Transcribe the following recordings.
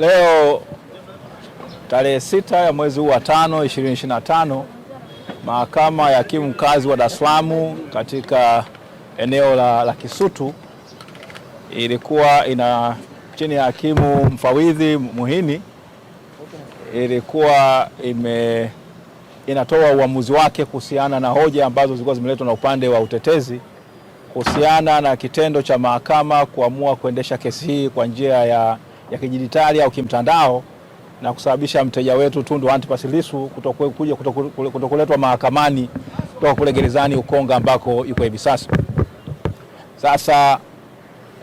Leo tarehe sita ya mwezi huu wa tano 2025 mahakama ya hakimu mkazi wa Dar es Salaam katika eneo la, la Kisutu ilikuwa ina chini ya hakimu mfawidhi Muhini ilikuwa ime, inatoa uamuzi wake kuhusiana na hoja ambazo zilikuwa zimeletwa na upande wa utetezi kuhusiana na kitendo cha mahakama kuamua kuendesha kesi hii kwa njia ya ya kidijitali au kimtandao na kusababisha mteja wetu Tundu Antipas Lissu kutokuja kutokuletwa mahakamani toka kule gerezani Ukonga ambako yuko hivi sasa. Sasa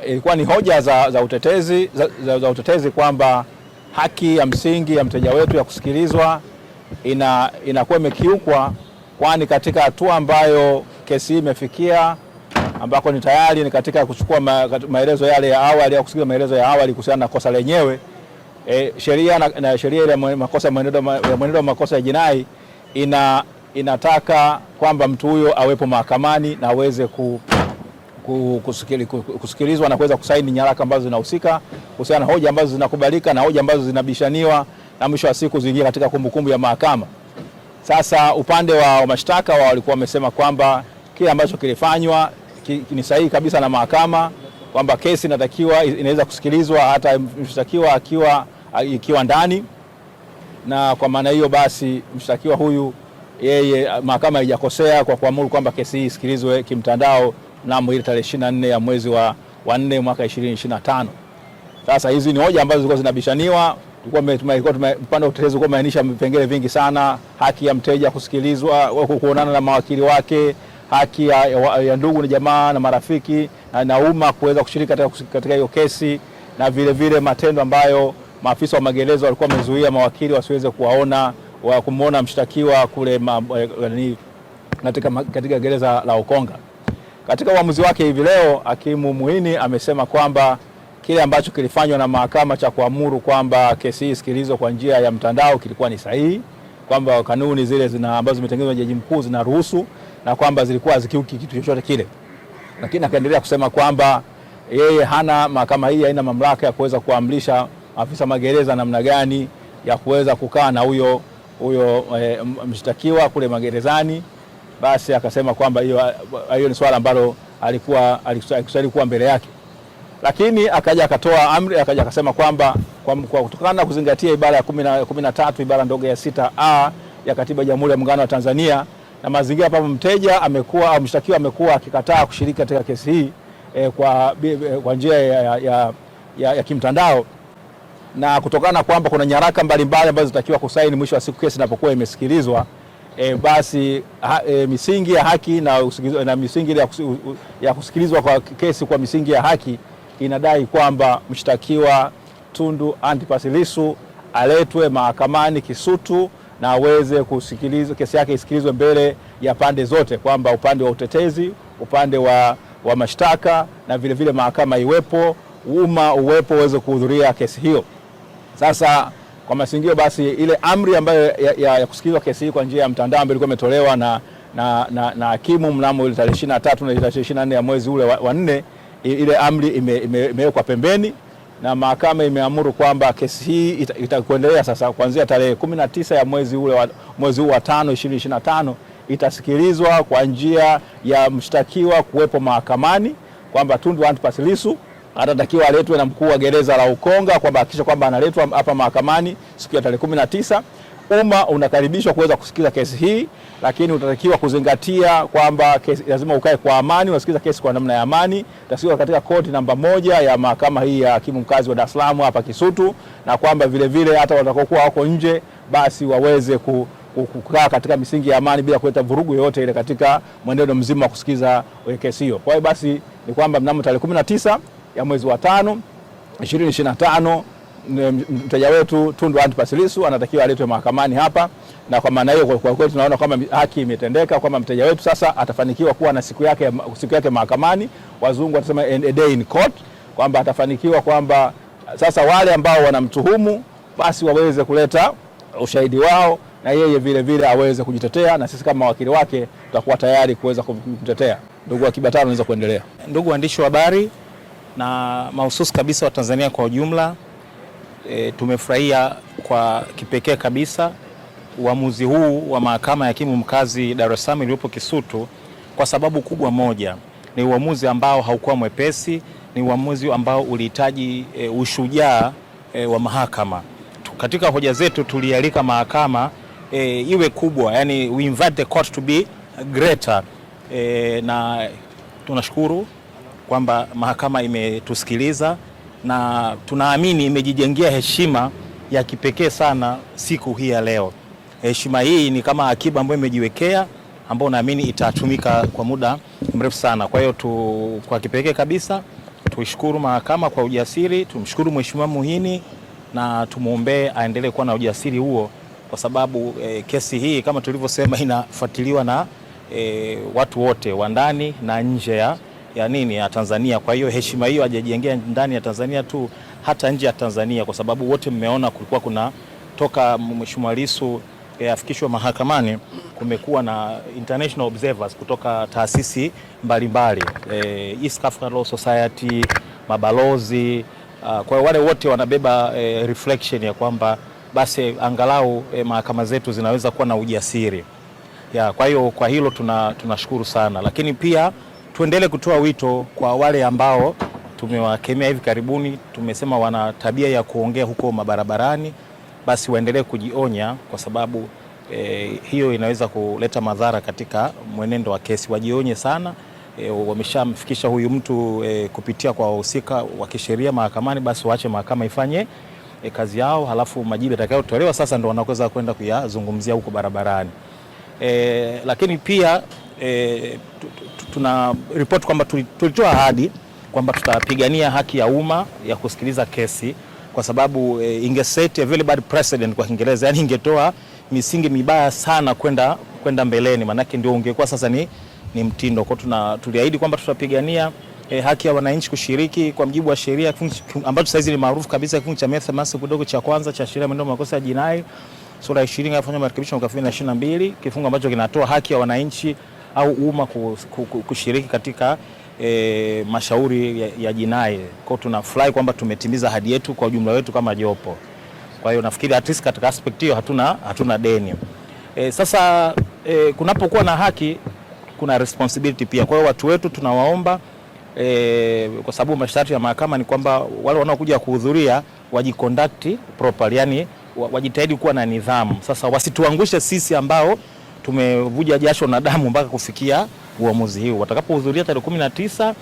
ilikuwa ni hoja za, za utetezi, za, za, za utetezi kwamba haki ya msingi ya mteja wetu ya kusikilizwa ina inakuwa imekiukwa, kwani katika hatua ambayo kesi hii imefikia ambako ni tayari ni katika kuchukua ma, maelezo yale ya awali au kusikiliza maelezo ya awali kuhusiana na kosa lenyewe e, sheria na, na sheria ile makosa ya mwenendo wa makosa ya jinai ina inataka kwamba mtu huyo awepo mahakamani na aweze ku, ku, kusikili, kusikilizwa na kuweza kusaini nyaraka ambazo zinahusika kuhusiana na hoja ambazo zinakubalika na hoja ambazo zinabishaniwa na mwisho wa siku ziingia katika kumbukumbu kumbu ya mahakama. Sasa upande wa mashtaka wao walikuwa wamesema kwamba kile ambacho kilifanywa ni sahihi kabisa na mahakama kwamba kesi inatakiwa inaweza kusikilizwa hata mshtakiwa akiwa ikiwa ndani, na kwa maana hiyo basi mshtakiwa huyu yeye mahakama haijakosea kwa kuamuru kwamba kesi hii isikilizwe kimtandao mnamo ile tarehe 24 ya mwezi wa 4 mwaka 2025. Sasa hizi ni hoja ambazo zilikuwa zinabishaniwa. Upande wa utetezi umebainisha vipengele vingi sana: haki ya mteja kusikilizwa, kuonana na mawakili wake haki ya, ya, ya ndugu na jamaa na marafiki na, na umma kuweza kushiriki katika hiyo kesi na vilevile vile matendo ambayo maafisa wa magereza walikuwa wamezuia mawakili wasiweze kuwaona wa kumwona mshtakiwa kule ma, eh, katika, katika gereza la Ukonga. Katika uamuzi wake hivi leo, hakimu Muhini amesema kwamba kile ambacho kilifanywa na mahakama cha kuamuru kwamba kesi hii isikilizwe kwa njia ya mtandao kilikuwa ni sahihi kwamba kanuni zile zina ambazo zimetengenezwa na jaji mkuu zinaruhusu na kwamba zilikuwa hazikiuki kitu chochote kile, lakini akaendelea kusema kwamba yeye hana, mahakama hii haina mamlaka ya kuweza kuamrisha afisa magereza namna gani ya kuweza kukaa na huyo huyo e, mshtakiwa kule magerezani. Basi akasema kwamba hiyo ni swala ambalo alikuwa kuwa mbele yake lakini akaja akatoa amri, akaja akasema kwamba kwa, kwa kutokana na kuzingatia ibara ya kumi na tatu ibara ndogo ya sita a ya katiba ya Jamhuri ya Muungano wa Tanzania na mazingira ambapo mteja amekuwa au mshtakiwa amekuwa akikataa kushiriki katika kesi hii e, kwa, e, kwa njia ya, ya, ya, ya, ya kimtandao na kutokana kwamba kuna nyaraka mbalimbali ambazo zinatakiwa kusaini mwisho wa siku kesi inapokuwa imesikilizwa, e, basi ha, e, misingi ya haki na, na misingi ya kusikilizwa kwa kesi kwa misingi ya haki inadai kwamba mshtakiwa Tundu Antipas Lissu aletwe mahakamani Kisutu na aweze kusikilizwa kesi yake isikilizwe mbele ya pande zote, kwamba upande wa utetezi, upande wa, wa mashtaka na vilevile vile mahakama iwepo, umma uwepo uweze kuhudhuria kesi hiyo. Sasa kwa masingio basi, ile amri ambayo ya, ya, ya kusikilizwa kesi hii kwa njia ya mtandao ambayo ilikuwa imetolewa na hakimu na, na, hakimu mnamo tarehe 23 na 24 ya mwezi ule wa, wa nne ile amri imewekwa ime, ime pembeni na mahakama imeamuru kwamba kesi hii itakuendelea ita sasa kuanzia tarehe kumi na tisa ya mwezi ule wa, mwezi huu wa tano ishirini na tano itasikilizwa kwa njia ya mshtakiwa kuwepo mahakamani kwamba Tundu Antipas Lissu atatakiwa aletwe na mkuu wa gereza la Ukonga kwamba hakikisha kwamba analetwa hapa mahakamani siku ya tarehe kumi na tisa umma unakaribishwa kuweza kusikiza kesi hii, lakini utatakiwa kuzingatia kwamba lazima ukae kwa amani, unasikiza kesi kwa namna ya amani. Utasikizwa katika koti namba moja ya mahakama hii ya hakimu mkazi wa Dar es Salaam hapa Kisutu, na kwamba vilevile hata watakokuwa wako nje basi waweze ku kukaa katika misingi ya amani bila kuleta vurugu yoyote ile katika mwenendo mzima wa kusikiza kesi hiyo. Kwa hiyo basi ni kwamba mnamo tarehe 19 ya mwezi wa tano 2025 mteja wetu Tundu Antipas Lissu anatakiwa aletwe mahakamani hapa, na kwa maana hiyo kwa kweli tunaona kwamba haki imetendeka, kwamba mteja wetu sasa atafanikiwa kuwa na siku yake, siku yake mahakamani. Wazungu watasema a day in court, kwamba atafanikiwa kwamba sasa wale ambao wanamtuhumu basi waweze kuleta ushahidi wao na yeye vile vile aweze kujitetea na sisi kama wakili wake tutakuwa tayari kuweza kumtetea. Ndugu Akibatano, unaweza kuendelea. Ndugu waandishi wa habari na mahususi kabisa wa Tanzania kwa ujumla e, tumefurahia kwa kipekee kabisa uamuzi huu wa mahakama ya hakimu mkazi Dar es Salaam iliyopo Kisutu kwa sababu kubwa moja, ni uamuzi ambao haukuwa mwepesi, ni uamuzi ambao ulihitaji e, ushujaa e, wa mahakama. Katika hoja zetu tulialika mahakama e, iwe kubwa, yani we invite the court to be greater e, na tunashukuru kwamba mahakama imetusikiliza na tunaamini imejijengea heshima ya kipekee sana siku hii ya leo. Heshima hii ni kama akiba ambayo imejiwekea ambayo naamini itatumika kwa muda mrefu sana. Kwa hiyo tu, kwa kipekee kabisa tuishukuru mahakama kwa ujasiri, tumshukuru Mheshimiwa Muhini na tumwombee aendelee kuwa na ujasiri huo, kwa sababu e, kesi hii kama tulivyosema inafuatiliwa na e, watu wote wa ndani na nje ya ya nini ya Tanzania. Kwa hiyo heshima hiyo hajajengea ndani ya Tanzania tu, hata nje ya Tanzania, kwa sababu wote mmeona kulikuwa kuna toka Mheshimiwa Lissu e, afikishwa mahakamani, kumekuwa na international observers kutoka taasisi mbalimbali e, East African Law Society, mabalozi. Kwa wale wote wanabeba e, reflection ya kwamba basi angalau e, mahakama zetu zinaweza kuwa na ujasiri ya, kwa hiyo kwa hilo tunashukuru tuna sana, lakini pia tuendelee kutoa wito kwa wale ambao tumewakemea hivi karibuni, tumesema wana tabia ya kuongea huko mabarabarani, basi waendelee kujionya kwa sababu e, hiyo inaweza kuleta madhara katika mwenendo wa kesi. Wajionye sana e, wameshamfikisha huyu mtu e, kupitia kwa wahusika wa kisheria mahakamani, basi waache mahakama ifanye e, kazi yao, halafu majibu yatakayotolewa sasa ndo wanaweza kwenda kuyazungumzia huko barabarani e, lakini pia e, tuna ripoti kwamba tulitoa ahadi kwamba tutapigania haki ya umma ya kusikiliza kesi kwa sababu e, ingeset a very bad precedent kwa Kiingereza, yani ingetoa misingi mibaya sana kwenda kwenda mbeleni, maanake ndio ungekuwa sasa ni, ni mtindo kwa tuna tuliahidi kwamba tutapigania E, haki ya wananchi kushiriki kwa mjibu wa sheria ambacho sasa hizi ni maarufu kabisa kifungu cha 186 kidogo cha kwanza cha sheria ya mwenendo makosa ya jinai sura ya 20 ilifanya marekebisho mwaka 2022, kifungu ambacho kinatoa haki ya wananchi au umma kushiriki katika e, mashauri ya, ya jinai. Kwa hiyo tunafurahi kwamba tumetimiza ahadi yetu kwa ujumla wetu kama jopo. Kwa hiyo nafikiri at least katika aspect hiyo hatuna, hatuna deni e, sasa e, kunapokuwa na haki kuna responsibility pia. Kwa hiyo watu wetu tunawaomba e, kwa sababu masharti ya mahakama ni kwamba wale wanaokuja kuhudhuria wajikondakti properly yani wajitahidi kuwa na nidhamu. Sasa wasituangushe sisi ambao tumevuja jasho na damu mpaka kufikia uamuzi huu. Watakapohudhuria tarehe kumi na tisa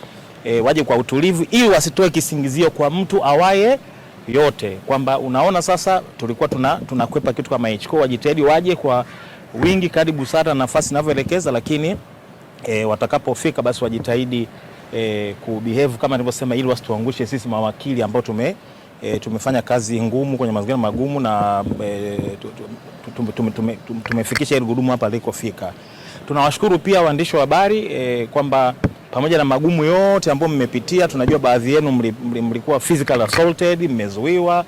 e, waje kwa utulivu, ili wasitoe kisingizio kwa mtu awaye yote kwamba unaona sasa tulikuwa tuna, tunakwepa kitu kama hicho. Kwa wajitahidi waje kwa wingi kadri busara na nafasi inavyoelekeza, lakini e, watakapofika basi wajitahidi e, kubehave kama nilivyosema, ili wasituangushe sisi mawakili ambao tume E, tumefanya kazi ngumu kwenye mazingira magumu na e, tumefikisha ile gurudumu hapa lilikofika. Tunawashukuru pia waandishi wa habari e, kwamba pamoja na magumu yote ambayo mmepitia, tunajua baadhi yenu mlikuwa physical assaulted, mmezuiwa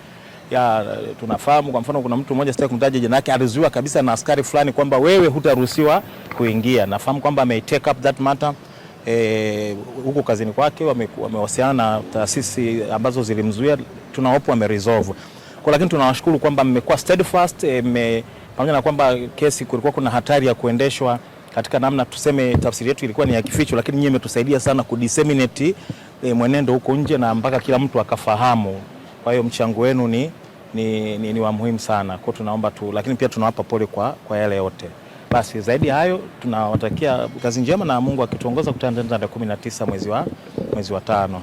ya tunafahamu. Kwa mfano, kuna mtu mmoja sitaki kumtaja jina lake, alizuiwa kabisa na askari fulani kwamba wewe hutaruhusiwa kuingia. Nafahamu kwamba ame take up that matter. E, huku e, kazini kwake wamewasiliana na taasisi ambazo zilimzuia, tunaopo wameresolve kwa, lakini tunawashukuru kwamba mmekuwa steadfast e, pamoja na kwamba kesi kulikuwa kuna hatari ya kuendeshwa katika namna tuseme, tafsiri yetu ilikuwa ni ya kificho, lakini nyinyi mmetusaidia sana disseminate e, mwenendo huko nje na mpaka kila mtu akafahamu. Kwa hiyo mchango wenu ni, ni, ni, ni wa muhimu sana kwa, tunaomba tu, lakini pia tunawapa pole kwa, kwa yale yote pasi. Zaidi ya hayo, tunawatakia kazi njema na Mungu akituongoza kutana tena tarehe 19 mwezi wa mwezi wa tano.